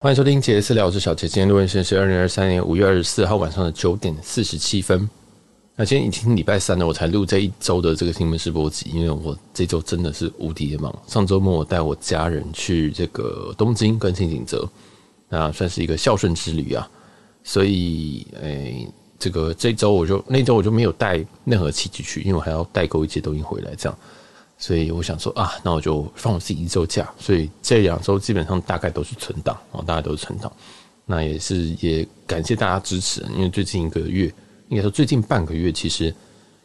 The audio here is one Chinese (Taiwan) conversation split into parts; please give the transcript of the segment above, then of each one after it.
歡迎收聽傑斯聊，我是小傑。今天錄音時間是二零二三年五月二十四號晚上的九點四十七分。那今天已經禮拜三了，我才錄這一周的這個新聞試播集，因為我這周真的是無敵忙。上周末我帶我家人去這個東京跟輕井澤，那算是一個孝順之旅啊。所以，誒、欸，這個這周我就那周我就沒有帶任何器具去，因為我還要代購一些東西回來，這樣。所以我想說啊，那我就放我自己一周假，所以這兩周基本上大概都是存檔，大概都是存檔。那也是也感謝大家支持，因為最近一個月，應該說最近半個月，其實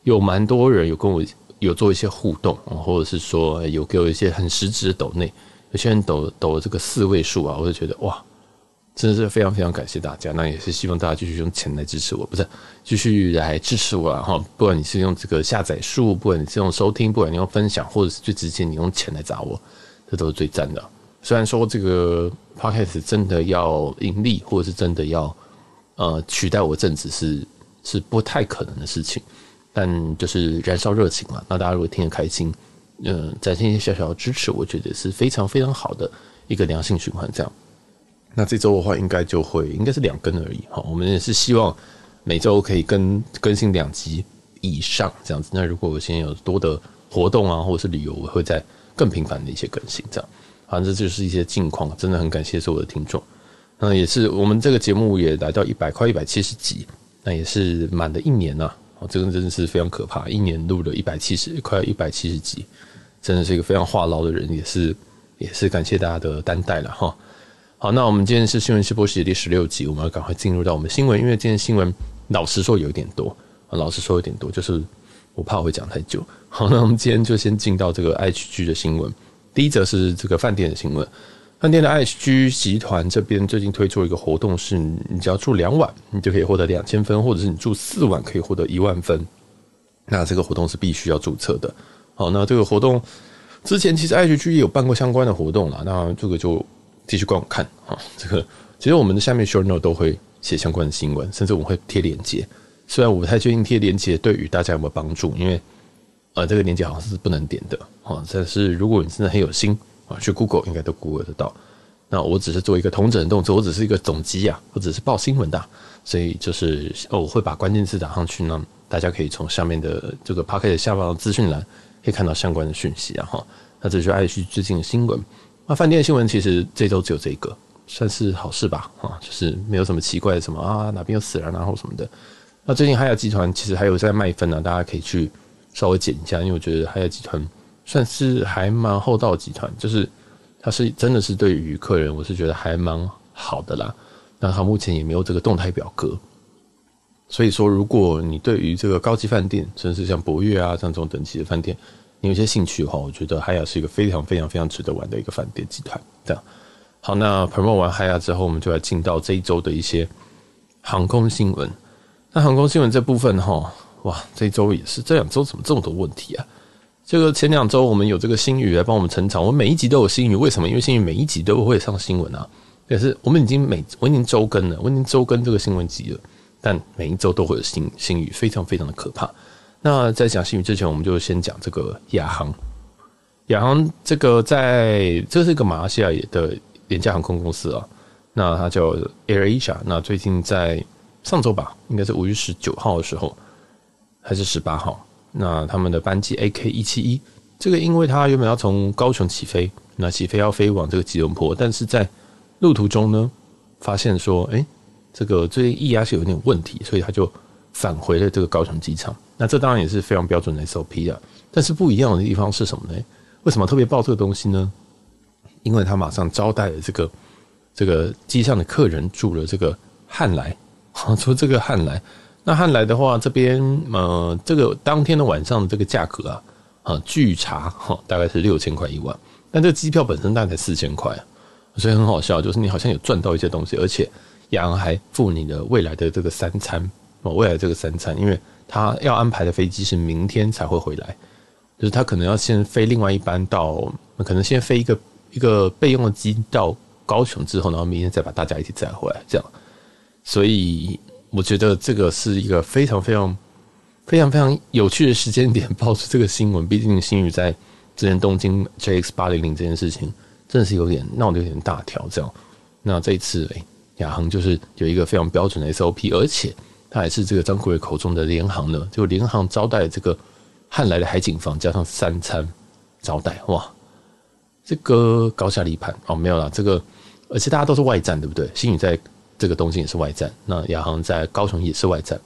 有蠻多人有跟我有做一些互動，或者是說有給我一些很實質的抖內，有些人抖抖了這個四位數啊，我就覺得哇。真的是非常非常感謝大家，那也是希望大家繼續用錢來支持我，不是繼續來支持我哈。然後，不管你是用這個下載數，不管你是用收聽，不管你用分享，或者是最直接你用錢來砸我，這都是最讚的。雖然說這個 Podcast 真的要盈利，或者是真的要呃取代我正職，是是不太可能的事情，但就是燃燒熱情嘛。那大家如果聽得開心，嗯、呃，展現一些小小的支持，我覺得是非常非常好的一個良性循環，這樣。那這周的話應，應該就會應該是兩更而已哈。我們也是希望每周可以更更新兩集以上這樣子。那如果我現在有多的活動啊，或者是旅遊，我會在更頻繁的一些更新這樣。反正這就是一些近況，真的很感謝所有的聽眾。那也是我們這個節目也來到一百快一百七十集，那也是滿了一年啊。哦。這個真的是非常可怕，一年錄了一百七十快一百七十集，真的是一個非常話癆的人，也是也是感謝大家的擔待了哈。好，那我們今天是新聞試播集第十六集，我們要趕快進入到我們新聞，因為今天新聞老實說有一點多，老實說有點多，就是我怕我會講太久。好，那我們今天就先進到這個 IHG 的新聞。第一則是這個飯店的新聞，飯店的 IHG 集團這邊最近推出一個活動，是你只要住兩晚，你就可以獲得兩千分，或者是你住四晚可以獲得一萬分。那這個活動是必須要注冊的。好，那這個活動之前其實 IHG 也有辦過相關的活動了，那這個就。繼續觀看啊，這個其實我們的下面 show note 都會寫相關的新聞，甚至我們會貼鏈接。雖然我不太確定貼鏈接對於大家有沒有幫助，因為呃這個鏈接好像是不能點的哈，但是如果你真的很有心啊，去 Google 應該都 Google 得到。那我只是做一個統整的動作，我只是一個總集啊，我只是報新聞的、啊，所以就是、哦、我會把關鍵字打上去，讓大家可以從下面的這個 podcast 的下方的資訊欄可以看到相關的訊息啊。哈，那這就是 IHG 最近的新聞。那飯店的新聞其實這周只有這一個，算是好事吧，啊、就是沒有什麼奇怪的什麼啊，哪邊有死人然、啊、後什麼的。那最近海雅集團其實還有在賣分呢，啊，大家可以去稍微減一下，因為我覺得海雅集團算是還蠻厚道的集團，就是它是真的是對於客人，我是覺得還蠻好的啦。那它目前也沒有這個動態表格，所以說如果你對於這個高級飯店，甚至像博悅啊，像這種等級的飯店。有些興趣的話，我覺得海雅是一個非常非常非常值得玩的一個飯店集團。這樣好，那 promo 完海雅之後，我們就來進到這一周的一些航空新聞。那航空新聞這部分哈，哇，這一周也是，這兩周怎麼這麼多問題啊？這個前兩周我們有這個新語來幫我們成長，我每一集都有新語，為什麼？因為新語每一集都會上新聞啊。可、就是我們已經每我已經周更了，我已經周更這個新聞集了，但每一周都會有新新語，非常非常的可怕。那在講新聞之前，我們就先講這個亞航。亞航這個在，這是一個馬來西亞的廉價航空公司啊。那它叫 AirAsia。那最近在上周吧，應該是五月十九號的時候，還是十八號，那他們的班機 AK 一七一，這個因為它原本要從高雄起飛，那起飛要飛往這個吉隆坡，但是在路途中呢，發現說，哎，這個最近液壓是有點問題，所以它就返回了這個高雄機場。那這當然也是非常標準的 SOP 啊，但是不一樣的地方是什麼呢？為什麼特別報這個東西呢？因為他馬上招待了這個這個機上的客人住了這個漢來啊，住這個漢來。那漢來的話，這邊呃，這個當天的晚上的這個價格啊啊，據查哈、喔、大概是六千塊一晚，但這個機票本身大概才四千塊，所以很好笑，就是你好像有賺到一些東西，而且亞航還付你的未來的這個三餐哦，未來這個三餐，因為。他要安排的飛機是明天才會回來，就是他可能要先飛另外一班到，可能先飛一個一個備用的機到高雄之後，然後明天再把大家一起載回來這樣。所以我覺得這個是一個非常非常非常非常有趣的時間點爆出這個新聞。畢竟星宇在之前東京 JX 八零零這件事情真的是有點鬧得有點大條，這樣。那這一次，亞航就是有一個非常標準的 SOP，而且。他還是這個張國偉口中的聯航呢？就聯航招待這個漢來的海景房，加上三餐招待，哇，這個高下立判哦，沒有了。這個而且大家都是外站，對不對？星宇在這個東京也是外站，那亞航在高雄也是外站，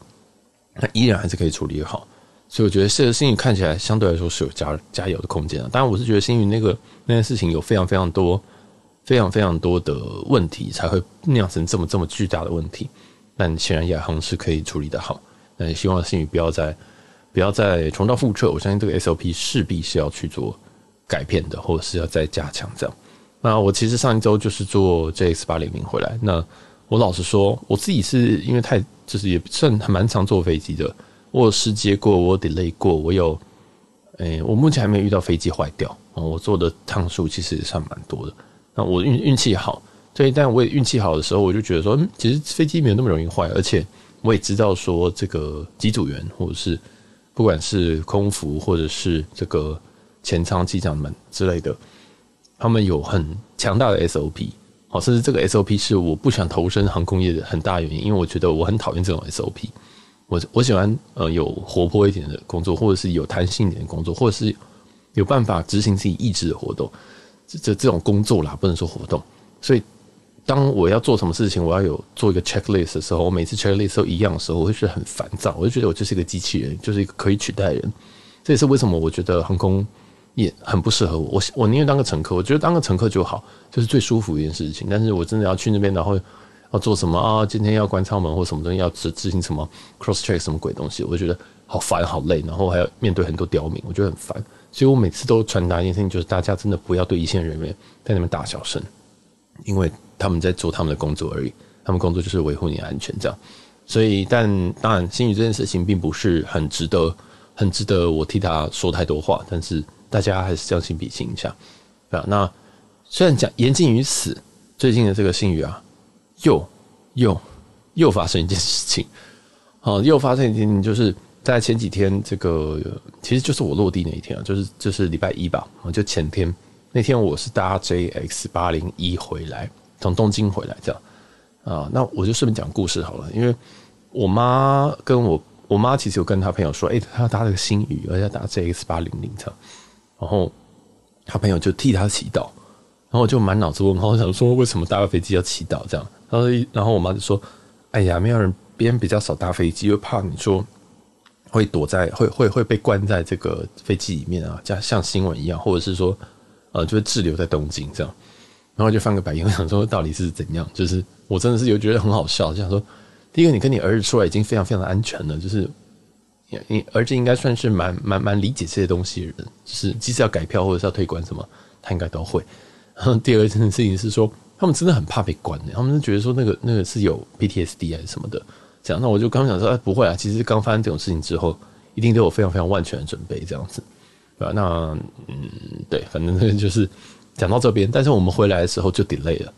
那依然還是可以處理好。所以我覺得，是星宇看起來相對來說是有加加油的空間啊。當然，我是覺得星宇那個那件事情有非常非常多、非常非常多的問題，才會釀成這麼這麼巨大的問題。但顯然亞航是可以處理的好，那也希望星宇不要再不要再重蹈覆轍。我相信這個 SOP 勢必是要去做改變的，或者是要再加強這樣。那我其實上一周就是坐 JX 八零零回來，那我老實說，我自己是因為太就是也算蠻常坐飛機的，我有時間過，我有 delay 過，我有誒，我，欸、我目前還沒有遇到飛機壞掉，我坐的趟數其實也算蠻多的，那我運運氣好。所以，但我也運氣好的時候，我就覺得說，嗯，其實飛機沒有那麼容易壞，而且我也知道說，這個機組員或者是不管是空服或者是這個前艙機長們之類的，他們有很強大的 SOP，好，甚至這個 SOP 是我不想投身航空業的很大原因，因為我覺得我很討厭這種 SOP，我我喜歡呃有活潑一點的工作，或者是有彈性一點的工作，或者是有辦法執行自己意志的活動，這這這種工作啦，不能說活動，所以。當我要做什麼事情，我要有做一個 checklist 的時候，我每次 checklist 都一樣的時候，我會覺得很煩躁，我就覺得我就是一個機器人，就是一個可以取代的人。這也是為什麼我覺得航空業很不適合我，我我寧願當個乘客，我覺得當個乘客就好，就是最舒服一件事情。但是我真的要去那邊，然後要做什麼啊？今天要關艙門或什麼東西，要執行什麼 cross check 什麼鬼東西，我就覺得好煩好累，然後還要面對很多刁民，我覺得很煩。所以我每次都傳達一件事情，就是大家真的不要對一線人員在那邊大小聲，因為。他們在做他們的工作而已，他們工作就是維護你的安全這樣，所以但當然，星宇這件事情並不是很值得，很值得我替他說太多話。但是大家還是將心比心一下啊。那雖然講言盡於此，最近的這個星宇啊，又又又發生一件事情，啊，又發生一件事情，就是在前幾天這個，其實就是我落地那一天啊，就是就是禮拜一吧，就前天那天我是搭 JX 八零一回來。從東京回來，這樣啊，那我就順便講故事好了。因為我媽跟我，我媽其實有跟她朋友說，誒、欸，她要搭了個星宇，而且要搭 JX800 這樣。然後她朋友就替她祈禱。然後我就滿腦子問號，我想說為什麼搭飛機要祈禱？這樣，然後然後我媽就說，哎呀，沒有人，別人比較少搭飛機，又怕你說會躲在，會會會被關在這個飛機裡面啊，像像新聞一樣，或者是說呃，就會滯留在東京這樣。然後就翻個白眼，我想說到底是怎樣？就是我真的是有覺得很好笑，就想說，第一個，你跟你兒子出來已經非常非常的安全了，就是你兒子應該算是蠻蠻蠻理解這些東西的人，就是即使要改票或者是要退關什麼，他應該都會。然後第二件事情是說，他們真的很怕被關的、欸，他們就覺得說那個那個是有 PTSD 還是什麼的。這樣，那我就剛想說，哎，不會啊，其實剛發生這種事情之後，一定都有非常非常萬全的準備這樣子，對吧、啊？那嗯，對，反正就是。講到這邊，但是我們回來的時候就 delay 了，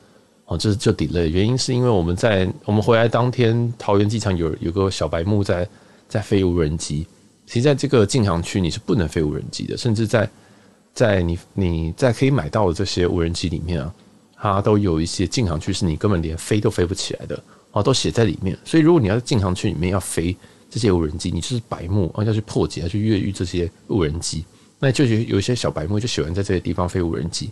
哦，就是就 delay。原因是因為我們在我們回來當天，桃園機場有有個小白目在在飛無人機。其實，在這個禁航區你是不能飛無人機的，甚至在在你你在可以買到的這些無人機裡面啊，它都有一些禁航區是你根本連飛都飛不起來的啊、哦，都寫在裡面。所以，如果你要在禁航區裡面要飛這些無人機，你就是白目啊，要去破解、要去越獄這些無人機，那就有有一些小白目就喜歡在這些地方飛無人機。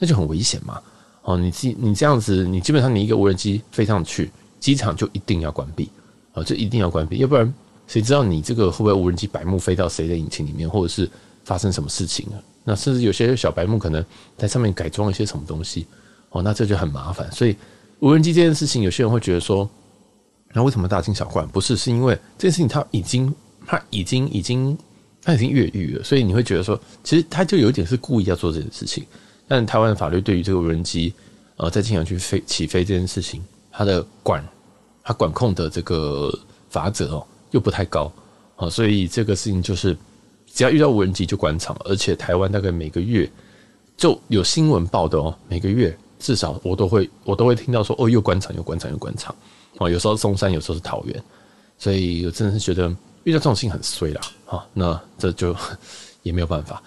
那就很危險嘛！哦，你你這樣子，你基本上你一個無人機飛上去，機場就一定要關閉啊，哦，就一定要關閉，要不然誰知道你這個會不會無人機白目飛到誰的引擎裡面，或者是發生什麼事情啊？那甚至有些小白目可能在上面改裝一些什麼東西，哦，那這就很麻煩。所以無人機這件事情，有些人會覺得說，那為什麼大驚小怪？不是，是因為這件事情它已經它已經已經它已經越獄了，所以你會覺得說，其實它就有一點是故意要做這件事情。但台灣的法律對於這個無人機，呃，在機場去飛起飛這件事情，它的管，它管控的這個法則哦，又不太高，哦、所以這個事情就是，只要遇到無人機就關場，而且台灣大概每個月就有新聞報的哦，每個月至少我都會我都會聽到說，哦，又關場又關場又關場，哦、有時候是松山，有時候是桃園，所以我真的是覺得遇到這種事很衰啦啊、哦，那這就也沒有辦法。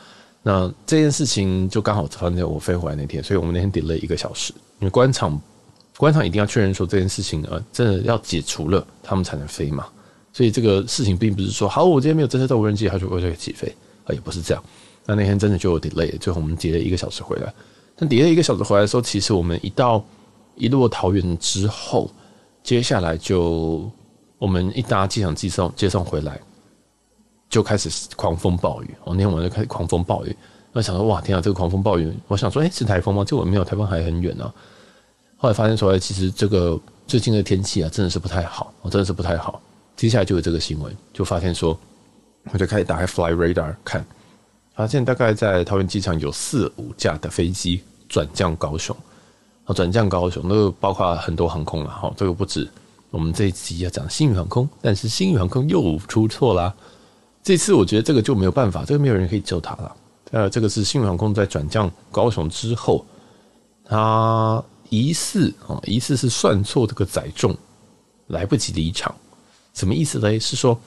那這件事情就剛好發生在我飛回來那天，所以我們那天 delay 一個小時，因為官場，官場一定要確認說這件事情呃真的要解除了，他們才能飛嘛。所以這個事情並不是說好，我今天沒有偵測到無人機，他就乖乖起飛，也不是這樣。那那天真的就 delay，最後我們 delay 了一個小時回來。但 delay 一個小時回來的時候，其實我們一到一落桃園之後，接下來就我們一搭機場接送接送回來。就開始狂風暴雨。那天晚上就開始狂風暴雨。我想說，哇，天啊，這個狂風暴雨，我想說，誒、欸，是颱風嗎？結果沒有颱風，還很遠呢、啊。後來發現說，其實這個最近的天氣啊，真的是不太好，我真的是不太好。接下來就有這個新聞，就發現說，我就開始打開 Fly Radar 看，發現大概在桃園機場有四五架的飛機轉降高雄，啊、哦，轉降高雄，那個、包括很多航空了，哈、哦，這個不止。我們這一集要講星宇航空，但是星宇航空又出錯啦。這次我覺得這個就沒有辦法，這個沒有人可以救他了。呃、啊，這個是星宇航空在轉降高雄之後，他疑似啊、哦，疑似是算錯這個載重，來不及離場。什麼意思呢？是說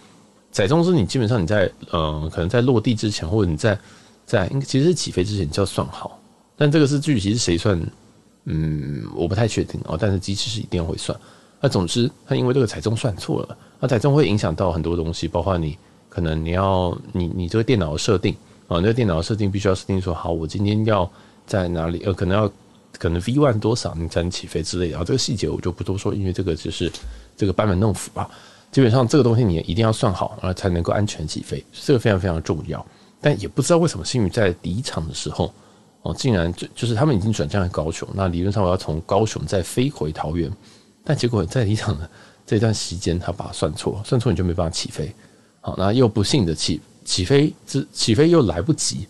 載重是你基本上你在嗯、呃，可能在落地之前，或者你在在其實是起飛之前就要算好。但這個是具體是誰算，嗯，我不太確定哦。但是機師是一定會算。那、啊、總之他因為這個載重算錯了，那載重會影響到很多東西，包括你。可能你要你你這個電腦的設定啊、哦，那個電腦的設定必須要設定說好，我今天要在哪裡呃，可能要可能 V1 多少你才能起飛之類的，這個細節我就不多說，因為這個就是這個班門弄斧吧。基本上這個東西你一定要算好啊，才能夠安全起飛，這個非常非常重要。但也不知道為什麼星宇在離場的時候哦，竟然就就是他們已經轉戰高雄，那理論上我要從高雄再飛回桃園，但結果在離場的這段時間他把他算錯，算錯你就沒辦法起飛。好，那又不幸的起起飛，這起飛又來不及。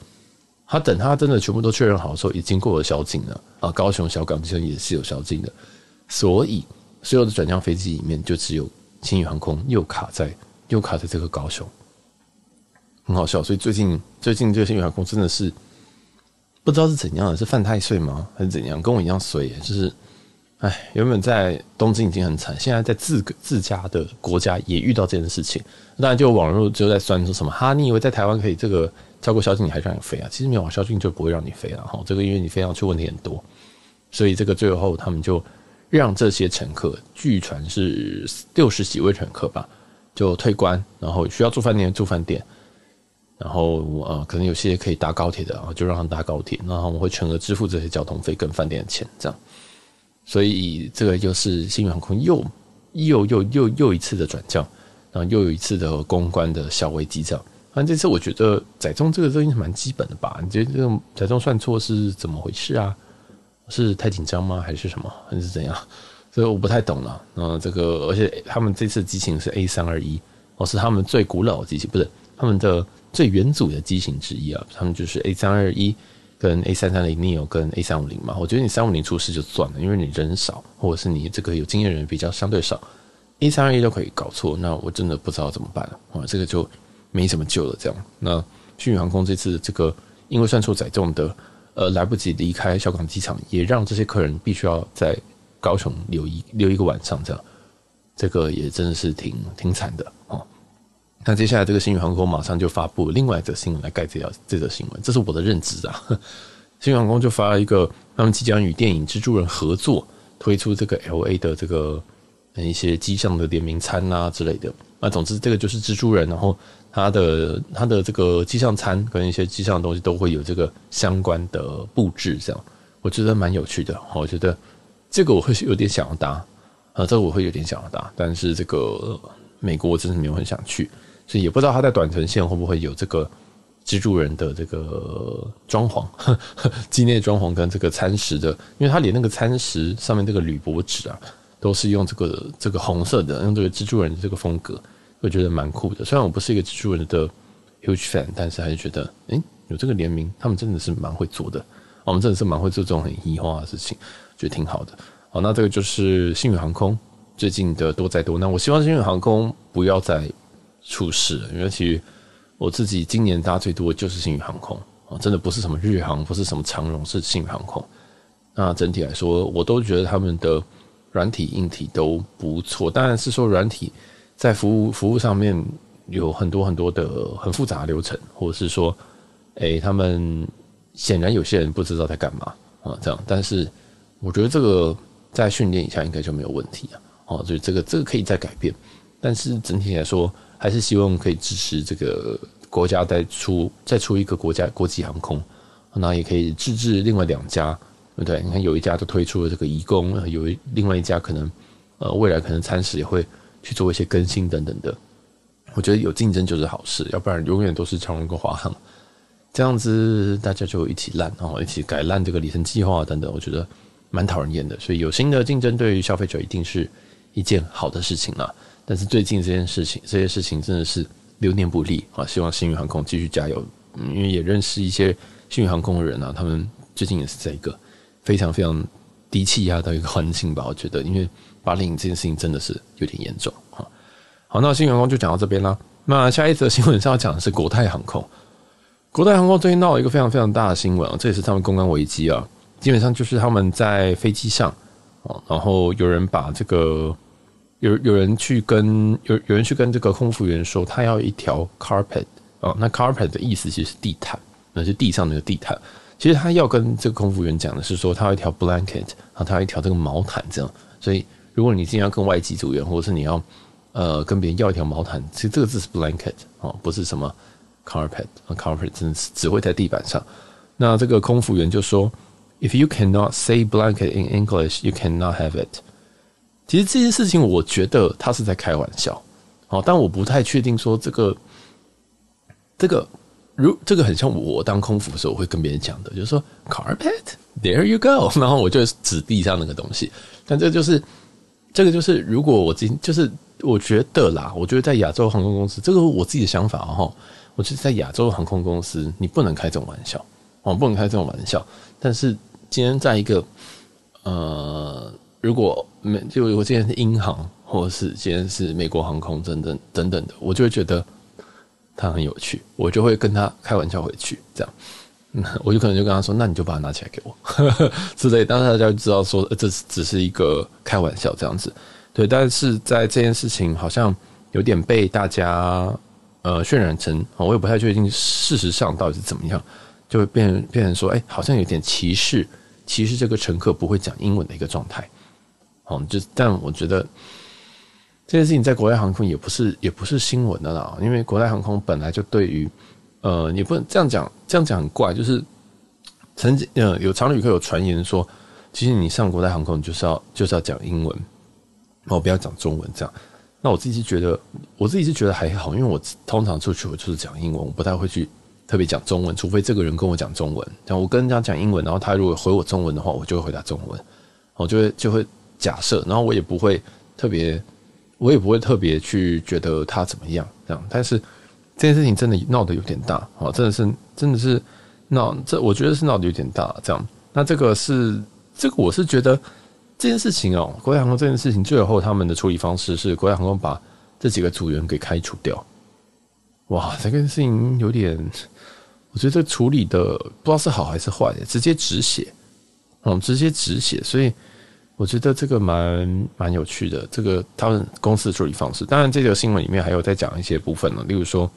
他等他真的全部都確認好的時候，已經過了宵禁了啊！高雄、小港其實也是有宵禁的，所以所有的轉向飛機裡面，就只有星宇航空又卡在又卡在這個高雄，很好笑。所以最近最近，這個星宇航空真的是不知道是怎樣的，是犯太歲嗎，還是怎樣？跟我一樣衰，就是。哎，原本在東京已經很慘，現在在自個自家的國家也遇到這件事情，當然就網絡就在酸說什麼哈？你以為在台灣可以這個超過宵禁，你還讓你飛啊？其實沒有宵禁就不會讓你飛了、啊、哈。這個因為你飛上去問題很多，所以這個最後他們就讓這些乘客，據傳是六十幾位乘客吧，就退關，然後需要住飯店住飯店，然後呃可能有些可以搭高鐵的啊，就讓他們搭高鐵，然後我們會全額支付這些交通費跟飯店的錢這樣。所以這個就是星宇航空又又又又又一次的轉降，然後又一次的公關的小微機長。反正這次我覺得載重這個東西蠻基本的吧？你覺得這個載重算錯是怎麼回事啊？是太緊張嗎？還是什麼？還是怎樣？所以我不太懂了。嗯，這個而且他們這次機型是 A 三二一，哦，是他們最古老的機型，不是他們的最元祖的機型之一啊。他們就是 A 三二一。跟 A 三三0 neo 跟 A 三五零嘛，我覺得你三五零出事就算了，因為你人少，或者是你這個有經驗人比較相對少，A 三二一都可以搞錯，那我真的不知道怎麼辦了啊，這個就沒什麼救了這樣。那星宇航空這次這個因為算錯載重的，呃，來不及離開小港機場，也讓這些客人必須要在高雄留一留一個晚上這樣，這個也真的是挺挺慘的啊。那接下來，這個星宇航空馬上就發布另外一則新聞來蓋這條這則新聞，這是我的認知啊。星宇航空就發了一個，他們即將與電影《蜘蛛人》合作推出這個 LA 的這個一些機上的聯名餐啊之類的。那總之，這個就是蜘蛛人，然後他的他的這個機上餐跟一些機上東西都會有這個相關的布置，這樣我覺得蠻有趣的。我覺得這個我會有點想要搭，啊，這個我會有點想要搭，但是這個、呃、美國我真的沒有很想去。所以也不知道他在短程線會不會有這個蜘蛛人的這個裝潢，機內裝潢跟這個餐食的，因為他連那個餐食上面這個鋁箔紙啊，都是用這個這個紅色的，用這個蜘蛛人的這個風格，我覺得蠻酷的。雖然我不是一個蜘蛛人的 huge fan，但是還是覺得，誒，有這個聯名，他們真的是蠻會做的。我們真的是蠻會做這種很異化的事情，覺得挺好的。好，那這個就是星宇航空最近的多災多難。那我希望星宇航空不要再。出事了，因為其實我自己今年搭最多就是星宇航空啊、喔，真的不是什麼日航，不是什麼長榮，是星宇航空。那整體來說，我都覺得他們的軟體硬體都不錯。當然是說軟體在服務服務上面有很多很多的很複雜的流程，或者是說，哎、欸，他們顯然有些人不知道在幹嘛啊、喔，這樣。但是我覺得這個在訓練一下應該就沒有問題啊、喔。所以這個這個可以再改變，但是整體來說。還是希望可以支持這個國家再出再出一個國家國際航空，那也可以自持另外兩家，對不對？你看有一家都推出了這個移工，有另外一家可能，呃，未來可能餐食也會去做一些更新等等的。我覺得有競爭就是好事，要不然永遠都是長榮跟華航，這樣子大家就一起爛，然、哦、後一起改爛這個里程計劃等等，我覺得蠻討人厭的。所以有新的競爭，對於消費者一定是一件好的事情啊。但是最近這件事情，這些事情真的是流年不利啊！希望星宇航空繼續加油，嗯，因為也認識一些星宇航空的人啊，他們最近也是在一個非常非常低氣壓的一個環境吧，我覺得，因為罷領這件事情真的是有點嚴重啊！好，那星宇航空就講到這邊啦。那下一則新聞是要講的是國泰航空，國泰航空最近鬧了一個非常非常大的新聞啊，這也是他們公關危機啊，基本上就是他們在飛機上啊，然後有人把這個。有有人去跟有有人去跟這個空服員說，他要一條 carpet 啊，那 carpet 的意思其實是地毯，那，就是地上的地毯。其實他要跟這個空服員講的是說，他要一條 blanket 啊，他要一條這個毛毯這樣。所以如果你經常跟外籍組員，或者是你要呃跟別人要一條毛毯，其實這個字是 blanket 哦，不是什麼 carpet，carpet，啊、只是只會在地板上。那這個空服員就說，If you cannot say blanket in English, you cannot have it。其實這件事情，我覺得他是在開玩笑，哦，但我不太確定說這個，這個如這個很像我當空服的時候，我會跟別人講的，就是說 carpet，there you go，然後我就指地上那個東西。但這就是這個就是，如果我今就是我覺得啦，我覺得在亞洲航空公司，這個我自己的想法哦。我覺得在亞洲航空公司，你不能開這種玩笑，哦，不能開這種玩笑。但是今天在一個呃。如果沒就如果今天是英航，或者是今天是美國航空等等等等的，我就會覺得他很有趣，我就會跟他開玩笑回去，這樣，我就可能就跟他說：“那你就把它拿起來給我。 是的”之類。當時大家就知道說，呃、這是只是一個開玩笑這樣子。對，但是在這件事情好像有點被大家呃渲染成，我也不太確定事實上到底是怎麼樣，就會變變成說，哎、欸，好像有點歧視歧視這個乘客不會講英文的一個狀態。哦，就但我覺得這件事情在國泰航空也不是也不是新聞的啦，因為國泰航空本來就對於呃，也不能這樣講，這樣講很怪。就是曾經呃，有常旅客有傳言說，其實你上國泰航空就是要就是要講英文，哦，不要講中文這樣。那我自己是覺得，我自己是覺得還好，因為我通常出去我就是講英文，我不太會去特別講中文，除非這個人跟我講中文，像我跟人家講英文，然後他如果回我中文的話，我就會回答中文，我就會就會。就會假設，然後我也不會特別，我也不會特別去覺得他怎麼樣這樣。但是這件事情真的鬧得有點大，真的是真的是鬧這，我覺得是鬧得有點大這樣。那這個是這個，我是覺得這件事情哦、喔，國泰航空這件事情最後他們的處理方式是國泰航空把這幾個組員給開除掉。哇，這件事情有點，我覺得這處理的不知道是好還是壞、欸，直接止血，嗯，直接止血，所以。我覺得這個蠻蠻有趣的，這個他們公司的處理方式。當然，這條新聞裡面還有在講一些部分呢，例如說，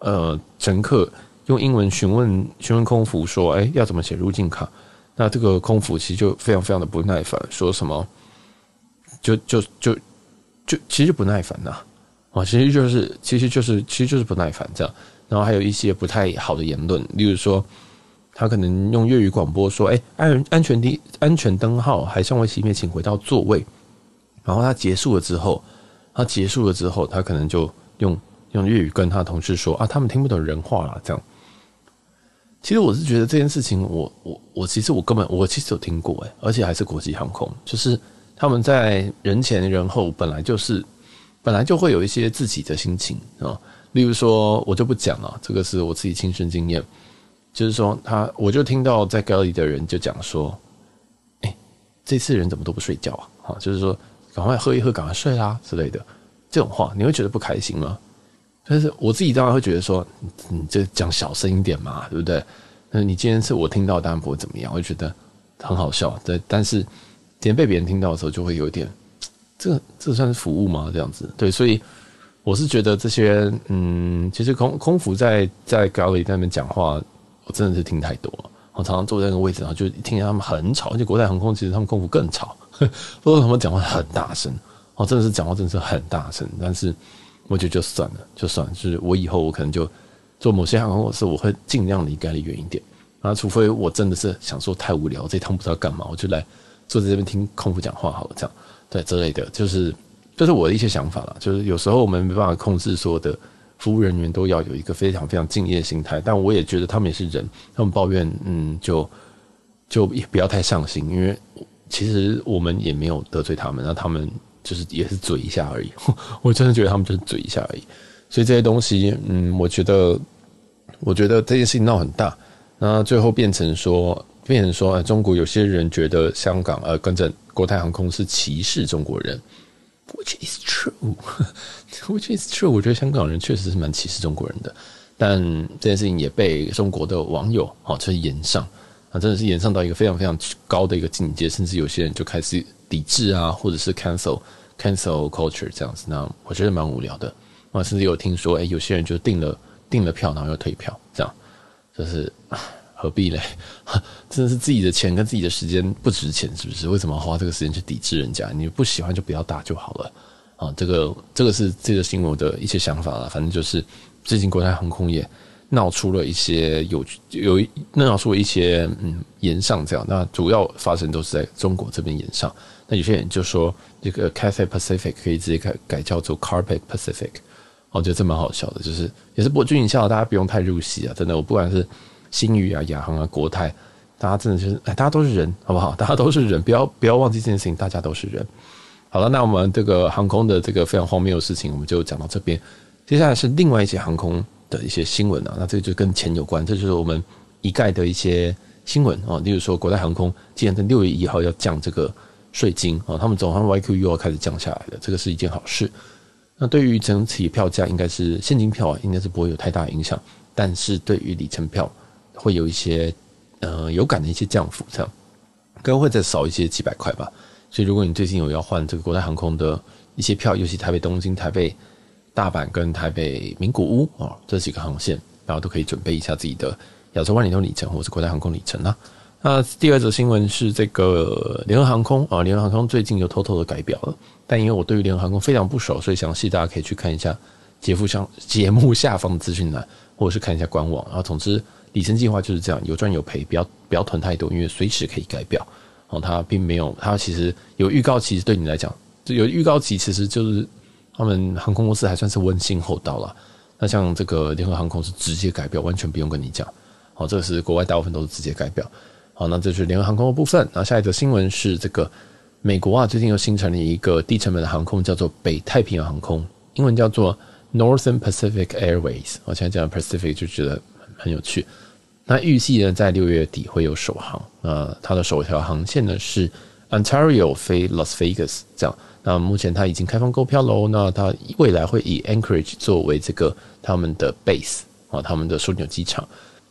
呃，乘客用英文詢問詢問空服說：“欸，要怎麼寫入境卡？”那這個空服其實就非常非常的不耐煩，說什麼“就就就就其實不耐煩吶”，哇，其實就是其實就是其實就是不耐煩這樣。然後還有一些不太好的言論，例如說。他可能用粵語廣播說：“哎，安安全的，安全燈號還尚未熄滅，請回到座位。”然後他結束了之後，他結束了之後，他可能就用用粵語跟他同事說：“啊，他們聽不懂人話了。”這樣。其實我是覺得這件事情我，我我我其實我根本我其實有聽過哎，而且還是國際航空，就是他們在人前人後本來就是本來就會有一些自己的心情啊。例如說，我就不講了，這個是我自己親身經驗。就是說，他我就聽到在 Galley 的人就講說：“哎、欸，這次人怎麼都不睡覺啊？”哈，就是說，趕快喝一喝，趕快睡啦之類的這種話，你會覺得不開心嗎？但是我自己當然會覺得說：“你就講小聲一點嘛，對不對？”嗯，你今天是我聽到，當然不會怎麼樣，會覺得很好笑。對，但是今天被別人聽到的時候，就會有一點，這這算是服務嗎？這樣子對，所以我是覺得這些，嗯，其實空空服在在 Galley 那邊講話。我真的是聽太多了，我常常坐在那個位置上就一聽他們很吵，而且國泰航空其實他們空服更吵，不過他們講話很大聲，哦，真的是講話真的是很大聲，但是我覺得就算了，就算了，就是我以後我可能就做某些航空公司，我會盡量離開的遠一點，啊，除非我真的是想說太無聊，這一趟不知道幹嘛，我就來坐在這邊聽空服講話好了，這樣對之類的，就是就是我的一些想法了，就是有時候我們沒辦法控制說的。服務人員都要有一個非常非常敬業的心態，但我也覺得他們也是人，他們抱怨，嗯，就就也不要太上心，因為其實我們也沒有得罪他們，那他們就是也是嘴一下而已。我真的覺得他們就是嘴一下而已，所以這些東西，嗯，我覺得我覺得這件事情鬧很大，那最後變成說變成說，哎，中國有些人覺得香港呃跟着國泰航空是歧視中國人。Which is true? Which is true? 我覺得香港人確實是蠻歧視中國人的，但這件事情也被中國的網友啊、哦，就是炎上啊，真的是炎上到一個非常非常高的一個境界，甚至有些人就開始抵制啊，或者是 cancel cancel culture 這樣子。那我覺得蠻無聊的，我甚至有聽說，誒、欸，有些人就訂了訂了票，然後又退票，這樣就是。何必呢？真的是自己的錢跟自己的時間不值錢，是不是？為什麼要花這個時間去抵制人家？你不喜歡就不要打就好了啊！這個這個是這個新聞的一些想法了。反正就是最近國泰航空也鬧出了一些有有鬧出了一些嗯炎上這樣，那主要發生都是在中國這邊炎上。那有些人就說這個 Cathay Pacific 可以直接改改叫做 Carpet Pacific，我覺得這蠻好笑的，就是也是博君一笑，大家不用太入戲啊！真的，我不管是。星宇啊，亞航啊，國泰，大家真的就是，哎，大家都是人，好不好？大家都是人，不要不要忘記這件事情，大家都是人。好了，那我們這個航空的這個非常荒謬的事情，我們就講到這邊。接下來是另外一些航空的一些新聞啊，那這個就跟錢有關，這就是我們一概的一些新聞啊。例如說，國泰航空竟然在六月一號要降這個稅金啊，他們總算 YQ 又要開始降下來了，這個是一件好事。那對於整體票價，應該是現金票應該是不會有太大影響，但是對於里程票。會有一些，呃有感的一些降幅這樣，可能會再少一些幾百塊吧。所以，如果你最近有要換這個國泰航空的一些票，尤其台北東京、台北大阪跟台北名古屋啊、哦、這幾個航線，然後都可以準備一下自己的亞洲萬里通里程或者是國泰航空里程啊。那第二則新聞是這個聯合航空啊，哦、聯合航空最近又偷偷的改表了，但因為我對於聯合航空非常不熟，所以詳細大家可以去看一下節目上節目下方的資訊欄，或者是看一下官網。然後，總之。里程計劃就是這樣，有賺有賠，不要不要囤太多，因為隨時可以改表。好，它並沒有，它其實有預告期，其實對你來講，就有預告期其實就是他們航空公司還算是溫馨厚道了。那像這個聯合航空是直接改表，完全不用跟你講。好，這是國外大部分都是直接改表。好，那這是聯合航空的部分。那下一則新聞是這個美國啊，最近又新成立一個低成本的航空，叫做北太平洋航空，英文叫做 Northern Pacific Airways。我現在講 Pacific 就覺得很有趣。那預計呢，在六月底會有首航。呃，它的首條航線呢是 Ontario 飛 Las Vegas 這樣。那目前它已經開放購票嘍。那它未來會以 Anchorage 作為這個他們的 base 啊、哦，他們的樞紐機場。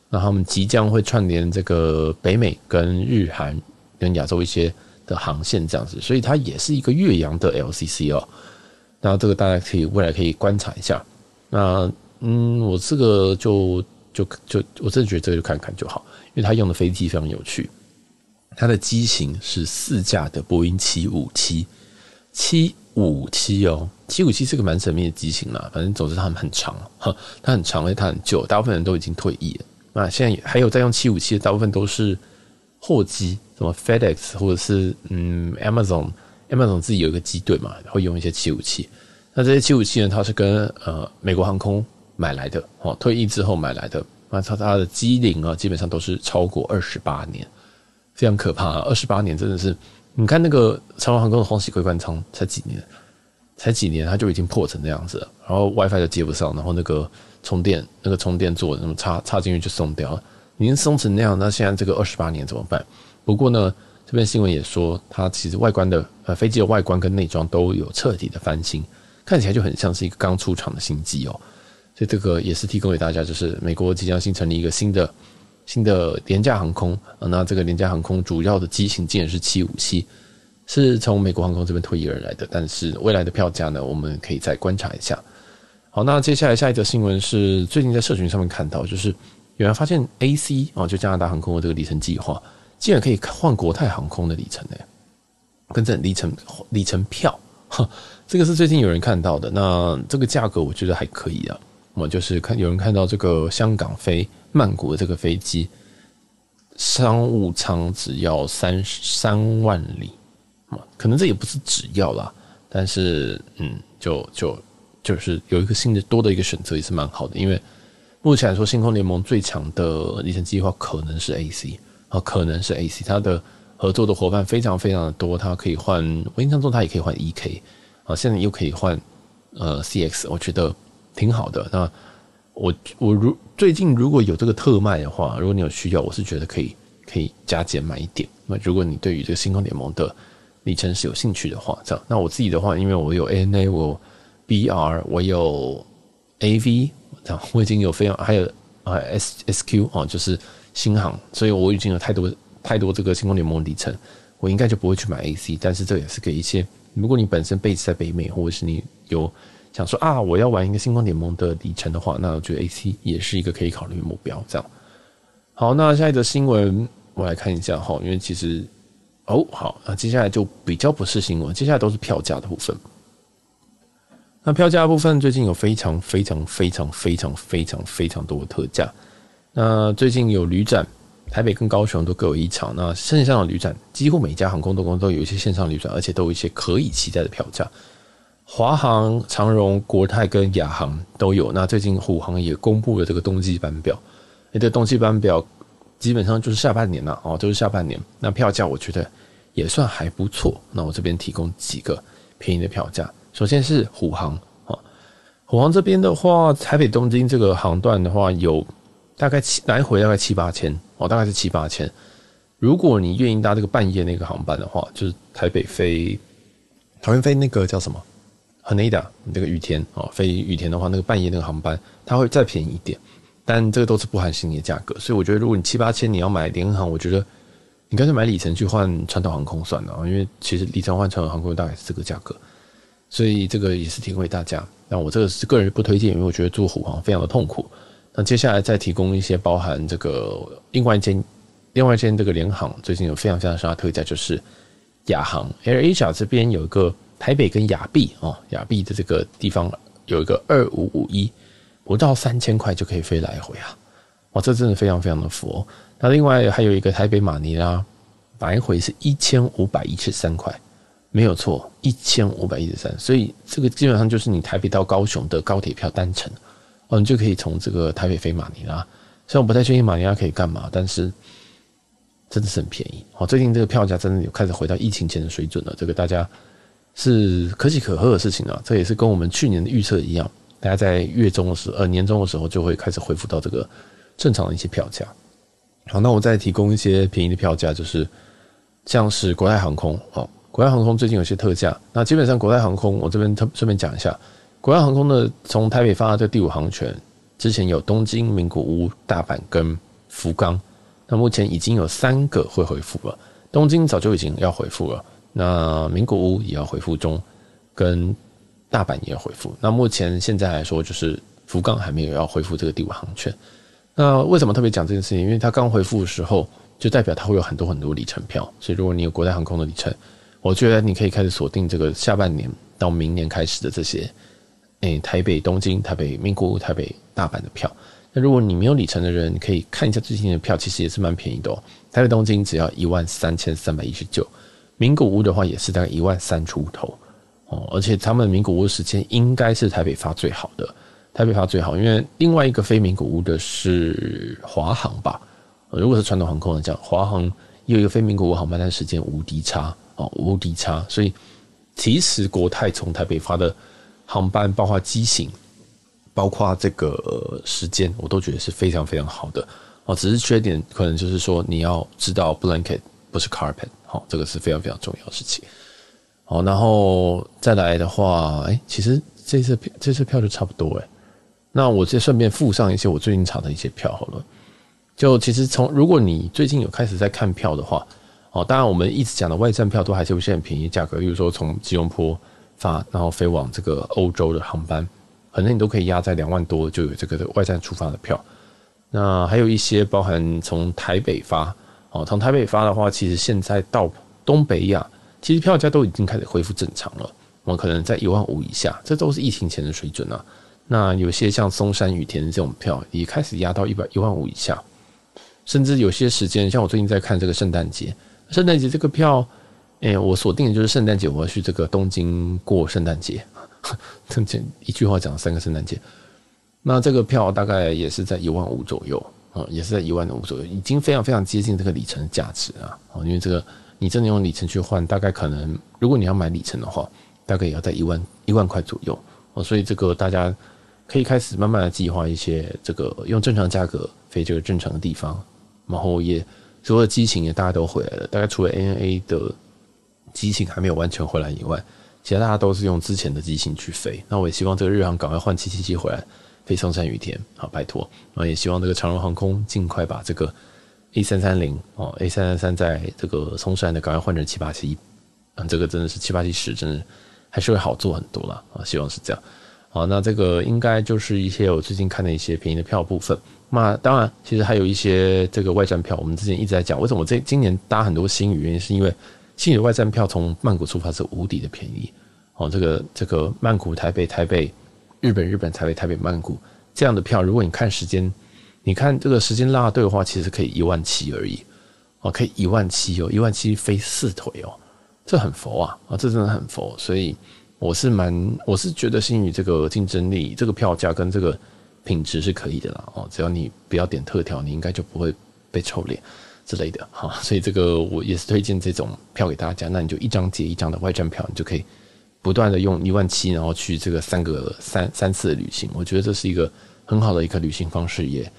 那他們即將會串聯這個北美跟日韓跟亞洲一些的航線這樣子，所以它也是一個越洋的 LCC 哦。那這個大家可以未來可以觀察一下。那嗯，我這個就。就就，我真的覺得這個就看看就好，因為他用的飛機非常有趣。它的機型是四架的波音七五七，七五七哦，七五七是個蠻神秘的機型啦。反正總之他們很長，哈，它很長，因為它很舊，大部分人都已經退役了。那現在還有在用七五七的，大部分都是貨機，什麼 FedEx 或者是嗯 Amazon，Amazon Amazon 自己有一個機隊嘛，然後用一些七五七。那這些七五七呢，它是跟呃美國航空，買來的哦，退役之後買來的，那它，它的機齡啊，基本上都是超過二十八年，非常可怕啊。二十八年真的是，你看那個長榮航空的皇璽桂冠艙才幾年，才幾年它就已經破成那樣子了，然後 WiFi 就接不上，然後那個充電那個充電座，那麼插插進去就鬆掉了。已經鬆成那樣，那現在這個二十八年怎麼辦？不過呢，這邊新聞也說，它其實外觀的呃飛機的外觀跟內裝都有徹底的翻新，看起來就很像是一個剛出廠的新機哦。所以這個也是提供給大家，就是美國即將新成立一個新的新的廉價航空。那這個廉價航空主要的機型竟然是七五七，是從美國航空這邊退役而來的。但是未來的票價呢，我們可以再觀察一下。好，那接下來下一則新聞是最近在社群上面看到，就是有人發現 AC 啊，就加拿大航空的這個里程計劃竟然可以換國泰航空的里程，哎、欸，跟着里程里程票，這個是最近有人看到的。那這個價格我覺得還可以啊。我就是看有人看到這個香港飛曼谷的這個飛機商務艙只要三三萬里，可能這也不是只要啦，但是嗯，就就就是有一個新的多的一個選擇也是蠻好的，因為目前來說，星空聯盟最強的里程計劃可能是 A C 啊，可能是 A C，它的合作的夥伴非常非常的多，它可以換我印象中它也可以換 E K 啊，現在又可以換呃 C X，我覺得。挺好的。那我我如最近如果有這個特賣的話，如果你有需要，我是覺得可以可以加減買一點。那如果你對於這個星空聯盟的里程是有興趣的話，這樣。那我自己的話，因為我有 ANA，我有 BR，我有 AV，我已經有非常還有啊 SSQ 啊，就是新航，所以我已經有太多太多這個星空聯盟里程，我應該就不會去買 AC。但是這也是給一些如果你本身 base 在北美，或者是你有。想說啊，我要玩一個《星空聯盟》的里程的話，那我覺得 AC 也是一個可以考慮目標。這樣好，那下一則新聞我來看一下哈，因為其實哦好，那、啊、接下來就比較不是新聞，接下來都是票價的部分。那票價部分最近有非常非常非常非常非常非常非常多的特價。那最近有旅展，台北跟高雄都各有一場。那線上的旅展，幾乎每一家航空公司都有一些線上旅展，而且都有一些可以期待的票價。華航、長榮、國泰跟亞航都有。那最近虎航也公布了這個冬季班表，你、欸、的冬季班表基本上就是下半年了、啊、哦，就是下半年。那票價我覺得也算還不錯。那我這邊提供幾個便宜的票價。首先是虎航啊、哦，虎航這邊的話，台北東京這個航段的話，有大概七來回，大概七八千哦，大概是七八千。如果你願意搭這個半夜那個航班的話，就是台北飛桃園飛那個叫什麼？Haneda，你這個羽田哦，飛羽田的話，那個半夜那個航班，它會再便宜一點，但這個都是不含行李的價格，所以我覺得如果你七八千你要買聯航，我覺得你乾脆買里程去換傳統航空算了，因為其實里程換傳統航空大概是這個價格，所以這個也是提供給大家，但我這個是個人不推薦，因為我覺得坐虎航非常的痛苦。那接下來再提供一些包含這個另外一間另外一間這個聯航，最近有非常非常大的特價，就是亞航 AirAsia 這邊有一個。台北跟亞庇哦，亞庇的這個地方有一個二五五一，不到三千塊就可以飛來回啊！哇，這真的非常非常的佛哦。那另外還有一個台北馬尼拉，來回是一千五百一十三塊，沒有錯，一千五百一十三。所以這個基本上就是你台北到高雄的高鐵票單程，我們就可以從這個台北飛馬尼拉。雖然我不太確定馬尼拉可以幹嘛，但是真的是很便宜哦。最近這個票價真的有開始回到疫情前的水準了，這個大家。是可喜可賀的事情啊！這也是跟我們去年的預測一樣，大家在月中的時候呃，年中的時候就會開始恢復到這個正常的一些票價。好，那我再提供一些便宜的票價，就是像是國泰航空哦，國泰航空最近有些特價。那基本上國泰航空，我這邊特順便講一下，國泰航空的從台北發的這第五航權，之前有東京、名古屋、大阪跟福岡，那目前已經有三個會恢復了，東京早就已經要恢復了。那名古屋也要回復中，跟大阪也要回復。那目前現在來說，就是福岡還沒有要恢復這個第五航權。那為什麼特別講這件事情？因為它剛回復的時候，就代表它會有很多很多里程票。所以如果你有國泰航空的里程，我覺得你可以開始鎖定這個下半年到明年開始的這些，哎、欸，台北、東京、台北、名古屋、台北、大阪的票。那如果你沒有里程的人，你可以看一下最近的票，其實也是蠻便宜的哦。台北東京只要一萬三千三百一十九。名古屋的話也是大概一萬三出頭哦，而且他們名古屋時間應該是台北發最好的，台北發最好，因為另外一個非名古屋的是華航吧？如果是傳統航空來講，華航有一個非名古屋航班的時間無敵差哦，無敵差。所以其實國泰從台北發的航班，包括機型，包括這個時間，我都覺得是非常非常好的哦。只是缺點可能就是說你要知道 blanket 不是 carpet。好、哦，這個是非常非常重要的事情。好，然後再來的話，誒、欸，其實這次這次票就差不多誒、欸，那我就順便附上一些我最近查的一些票好了。就其實從如果你最近有開始在看票的話，哦，當然我們一直講的外站票都還是有些很便宜價格，例如說從吉隆坡發然後飛往這個歐洲的航班，可能你都可以壓在兩萬多就有這個外站出發的票。那還有一些包含從台北發。哦，從台北發的話，其實現在到東北亞，其實票價都已經開始恢復正常了。我們可能在一萬五以下，這都是疫情前的水準啊。那有些像松山羽田這種票，也開始壓到一百一萬五以下，甚至有些時間，像我最近在看這個聖誕節，聖誕節這個票，誒、欸，我鎖定的就是聖誕節，我要去這個東京過聖誕節。一句話講了三個聖誕節，那這個票大概也是在一萬五左右。哦，也是在一萬五左右，已經非常非常接近這個里程的價值啊！哦，因為這個你真的用里程去換，大概可能，如果你要買里程的話，大概也要在一萬一萬塊左右哦。所以這個大家可以開始慢慢的計劃一些這個用正常價格飛這個正常的地方，然後也所有的機型也大家都回來了。大概除了 ANA 的機型還沒有完全回來以外，其他大家都是用之前的機型去飛。那我也希望這個日航趕快換777回來。飛松山雨天，好拜托，啊，也希望這個長榮航空盡快把這個 A 三三零，哦 A 三三三在這個松山的港灣換成七八七，啊，這個真的是七八七十，真的還是會好做很多了啊，希望是這樣。好，那這個應該就是一些我最近看的一些便宜的票部分。那當然，其實還有一些這個外站票，我們之前一直在講，為什麼這今年搭很多星宇，原因是因為星宇的外站票從曼谷出發是無敵的便宜哦，這個這個曼谷台北台北、日本、日本台北、台北曼谷這樣的票，如果你看時間，你看這個時間拉對的話，其實可以一萬七而已哦，可以一萬七哦，一萬七飛四腿哦，這很佛啊、哦、這真的很佛，所以我是蠻，我是覺得星宇這個競爭力、這個票價跟這個品質是可以的啦哦，只要你不要點特調，你應該就不會被臭臉之類的哈、哦，所以這個我也是推薦這種票給大家，那你就一張接一張的外站票，你就可以。不斷的用一萬七，然後去這個三個三三次的旅行，我覺得這是一個很好的一個旅行方式，也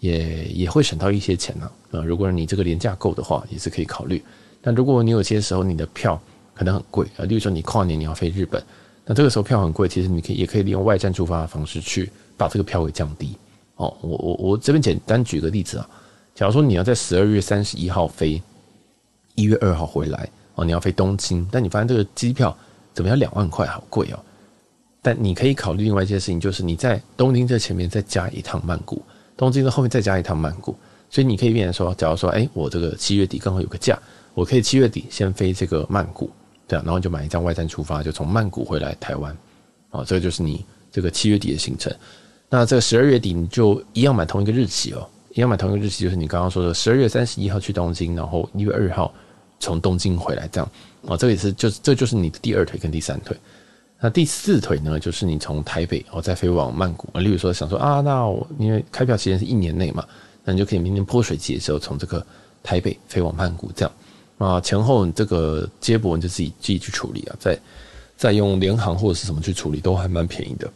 也也會省到一些錢呢。啊、呃，如果你這個廉價購的話，也是可以考慮。但如果你有些時候你的票可能很貴啊，例如說你跨年你要飛日本，那這個時候票很貴，其實你可以也可以利用外站出發的方式去把這個票給降低。哦，我我我這邊簡單舉個例子啊，假如說你要在十二月三十一號飛一月二號回來，哦，你要飛東京，但你發現這個機票。怎麼樣？兩萬塊好貴哦，但你可以考慮另外一件事情，就是你在東京這前面再加一趟曼谷，東京的後面再加一趟曼谷，所以你可以變成說，假如說，誒，我這個七月底剛好有個假，我可以七月底先飛這個曼谷，對啊，然後就買一張外站出發，就從曼谷回來台灣，這個就是你這個七月底的行程。那這十二月底你就一樣買同一個日期哦，一樣買同一個日期，就是你剛剛說的十二月三十一號去東京，然後一月二號從東京回來，這樣。哦，這個也是，就這就是你的第二腿跟第三腿。那第四腿呢，就是你從台北哦，再飛往曼谷啊。例如說，想說啊，那我因為開票時間是一年內嘛，那你就可以明年潑水節的時候從這個台北飛往曼谷，這樣啊，前後你這個接駁你就自己自己去處理啊。再再用聯航或者是什麼去處理，都還蠻便宜的。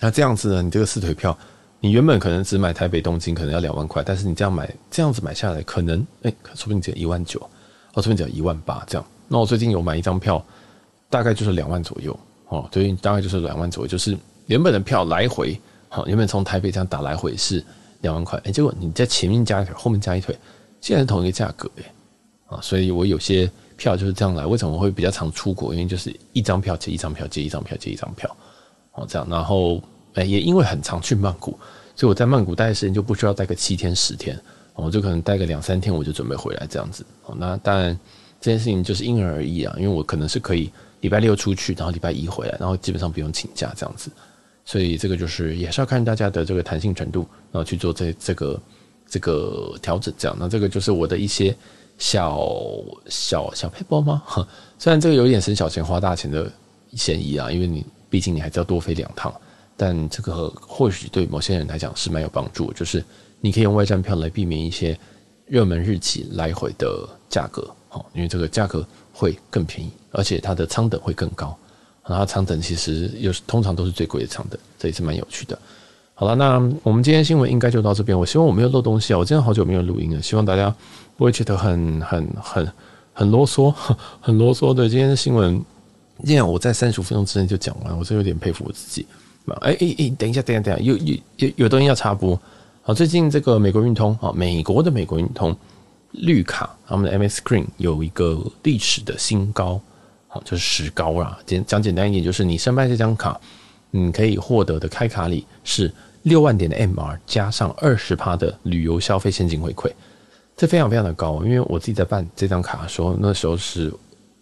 那這樣子呢，你這個四腿票，你原本可能只買台北東京可能要兩萬塊，但是你這樣買，這樣子買下來，可能哎，說不定只要一萬九，哦，說不定只要一萬八，這樣。那我最近有買一張票，大概就是兩萬左右哦，最近大概就是兩萬左右，就是原本的票來回，好、哦，原本從台北這樣打來回是兩萬塊，誒、欸、結果你在前面加一腿，後面加一腿，竟然是同一個價格誒、欸、啊、哦，所以我有些票就是這樣來，為什麼我會比較常出國？因為就是一張票接一張票接一張票接一張票，哦，這樣，然後誒、欸、也因為很常去曼谷，所以我在曼谷待的時間就不需要待個七天十天，我、哦、就可能待個兩三天，我就準備回來這樣子，哦，那當然。這件事情就是因人而異啊，因為我可能是可以禮拜六出去，然後禮拜一回來，然後基本上不用請假這樣子，所以這個就是也是要看大家的這個彈性程度，然後去做這這個這個調整。這樣，那這個就是我的一些小小小撇步嗎呵？雖然這個有點省小錢花大錢的嫌疑啊，因為你畢竟你還是要多飛兩趟，但這個或許對某些人來講是蠻有幫助，就是你可以用外站票來避免一些熱門日期來回的價格。因為這個價格會更便宜，而且它的艙等會更高，然後艙等其實又是通常都是最貴的艙等，這也是蠻有趣的。好了，那我們今天新聞應該就到這邊。我希望我沒有漏東西啊，我真的好久沒有錄音了，希望大家不會覺得很很很很囉嗦，很囉嗦的。的今天的新聞這樣，我在三十五分鐘之內就講完，我是有點佩服我自己。哎哎哎，等一下，等下，等下，有有有有東西要插播。好，最近這個美國運通，好，美國的美國運通。綠卡，他們的 Amex Green 有一個歷史的新高，好，就是史高啦。簡講簡單一點，就是你申辦這張卡，你可以獲得的開卡禮是六萬點的 MR 加上二十帕的旅遊消費現金回饋，這非常非常的高。因為我自己在辦這張卡的時候，那時候是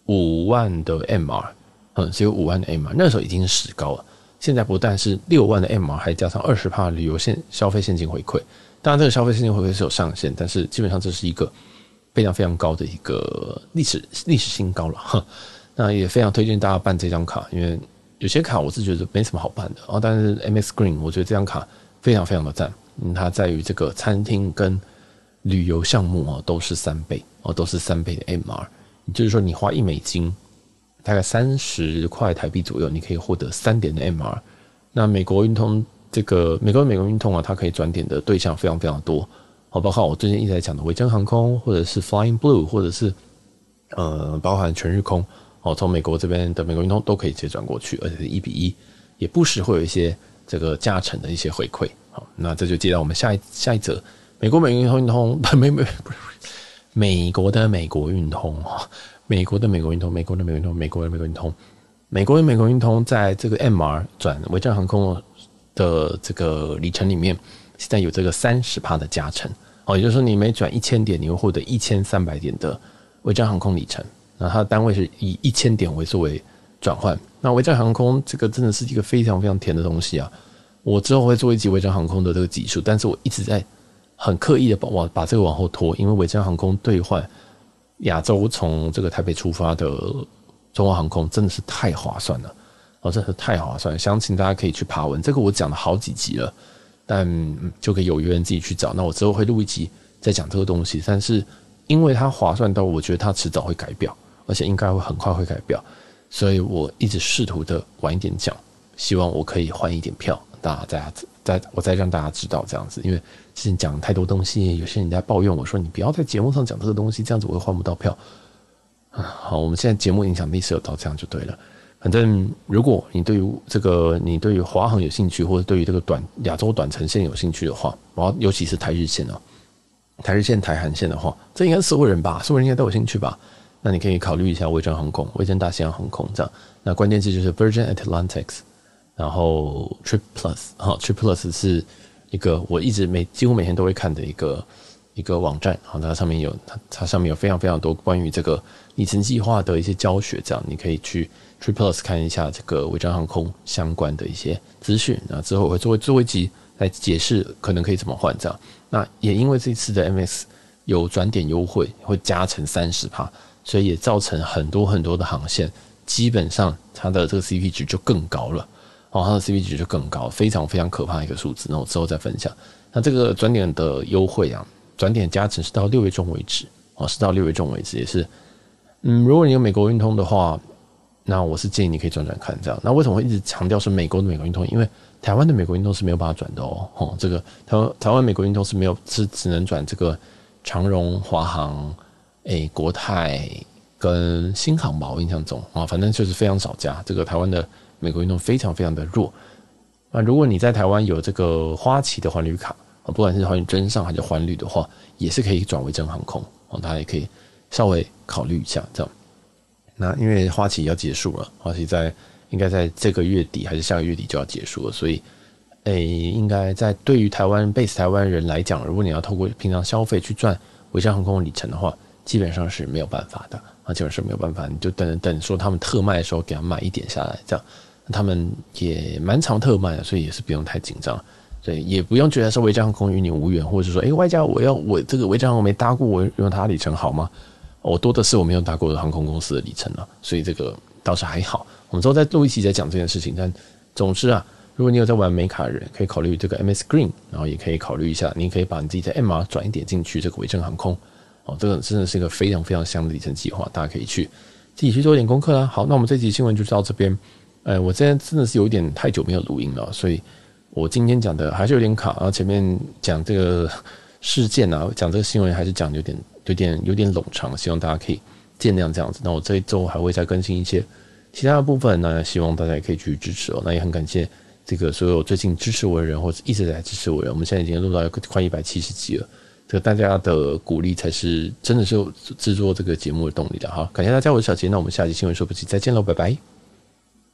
五萬的 MR，嗯，只有五萬的 MR，那時候已經是史高了。現在不但是六萬的 MR，還加上二十帕旅遊現消費現金回饋。當然，這個消費現金回饋會不會是有上限？但是基本上這是一個非常非常高的一個歷史歷史新高了。哈，那也非常推薦大家辦這張卡，因為有些卡我是覺得沒什麼好辦的。但是 Amex Green，我覺得這張卡非常非常的讚。嗯，它在於這個餐廳跟旅遊項目啊都是三倍，都是三倍的 MR。就是說，你花一美金，大概三十塊台幣左右，你可以獲得三點的 MR。那美國運通。這個美國的美國運通啊，它可以轉點的對象非常非常多，哦，包括我最近一直在講的維珍航空，或者是 Flying Blue，或者是呃，包含全日空，哦，從美國這邊的美國運通都可以直接轉過去，而且是一比一，也不時會有一些這個加成的一些回饋。好，那這就接到我們下一下一則美國美國運通運通，美國的美國運通，美國的美國運通，美國的美國運通，美國的美國運通，美國的美國運通，在這個 MR 轉維珍航空的這個里程裡面，現在有這個三十趴的加成，哦，也就是說你每轉一千點，你會獲得一千三百點的維珍航空里程。那它的單位是以一千點為作為轉換。那維珍航空這個真的是一個非常非常甜的東西啊！我之後會做一期維珍航空的這個集數，但是我一直在很刻意的往把,把這個往後拖，因為維珍航空兌換亞洲從這個台北出發的中華航空真的是太划算了。哦，這是太划算了，相信大家可以去爬文。這個我講了好幾集了，但就可以有緣人自己去找。那我之後會錄一集再講這個東西。但是因為它划算到，我覺得它遲早會改表，而且應該會很快會改表，所以我一直試圖的晚一點講，希望我可以換一點票，大家再我再讓大家知道這樣子。因為之前講太多東西，有些人在抱怨我說：“你不要在節目上講這個東西，這樣子我會換不到票。”好，我們現在節目影響力是有到，這樣就對了。反正如果你對於這個，你對於華航有興趣，或者對於這個短亞洲短程線有興趣的話，然後尤其是台日線啊，台日線、台韓線的話，這應該是所有人吧，所有人應該都有興趣吧？那你可以考慮一下維珍航空、維珍大西洋航空這樣。那關鍵字就是 Virgin Atlantic，然後 TripPlus 啊，哦，TripPlus 是一個我一直每幾乎每天都會看的一個一個網站啊，哦，它上面有它它上面有非常非常多關於這個里程計劃的一些教學，這樣你可以去。TripPlus 看一下這個維珍航空相關的一些資訊，那之後我會作為最後一集來解釋可能可以怎麼換這樣，那也因為這次的 MR 有轉點優惠，會加成三十趴，所以也造成很多很多的航線，基本上它的這個 CP 值就更高了。哦，它的 CP 值就更高，非常非常可怕的一個數字。那我之後再分享。那這個轉點的優惠啊，轉點加成是到六月中為止，哦，是到六月中為止，也是嗯，如果你有美國運通的話。那我是建議你可以轉轉看，這樣。那為什麼會一直強調說美國的美國運通？因為台灣的美國運通是沒有辦法轉的哦、喔。哦、嗯，這個台灣台灣美國運通是沒有，是只能轉這個長榮、華航、哎、欸、國泰跟新航吧。我印象中啊、嗯，反正就是非常少家，這個台灣的美國運通非常非常的弱。那如果你在台灣有這個花旗的環旅卡啊，不管是環宇真上還是環旅的話，也是可以轉維珍航空啊、嗯，大家也可以稍微考慮一下，這樣。那因為花期要結束了，花期在應該在這個月底還是下個月底就要結束了，所以，誒、欸，應該在對於台灣 base 台灣人來講，如果你要透過平常消費去賺維珍航空里程的話，基本上是沒有辦法的，啊，基本上是沒有辦法，你就等等說他們特賣的時候給他買一點下來，這樣，他們也蠻常特賣的，所以也是不用太緊張，所以也不用覺得說維珍航空與你無緣，或者是說，誒、欸，外加我要我這個維珍航空沒搭過，我用它里程好嗎？我、哦、多的是，我沒有搭過航空公司的里程啊，所以這個倒是還好。我們之後再錄一期再講這件事情。但總之啊，如果你有在玩美卡的人，可以考慮這個 Amex Green，然後也可以考慮一下，你可以把你自己的 MR 轉一點進去這個維珍航空。哦，這個真的是一個非常非常香的里程計劃，大家可以去自己去做點功課啦。好，那我們這集新聞就到這邊。哎，我今天真的是有一點太久沒有錄音了，所以我今天講的還是有點卡。然後前面講這個事件啊，講這個新聞還是講有點。有點有點冗長，希望大家可以見諒這樣子。那我這一周還會再更新一些其他的部分，那希望大家也可以繼續支持哦。那也很感謝這個所有最近支持我的人，或是一直在支持我的人。我們現在已經錄到快一百七十集了，這個大家的鼓勵才是真的是制作這個節目的動力的哈。感謝大家，我是小杰，那我們下期新聞說不期，再見嘍，拜拜。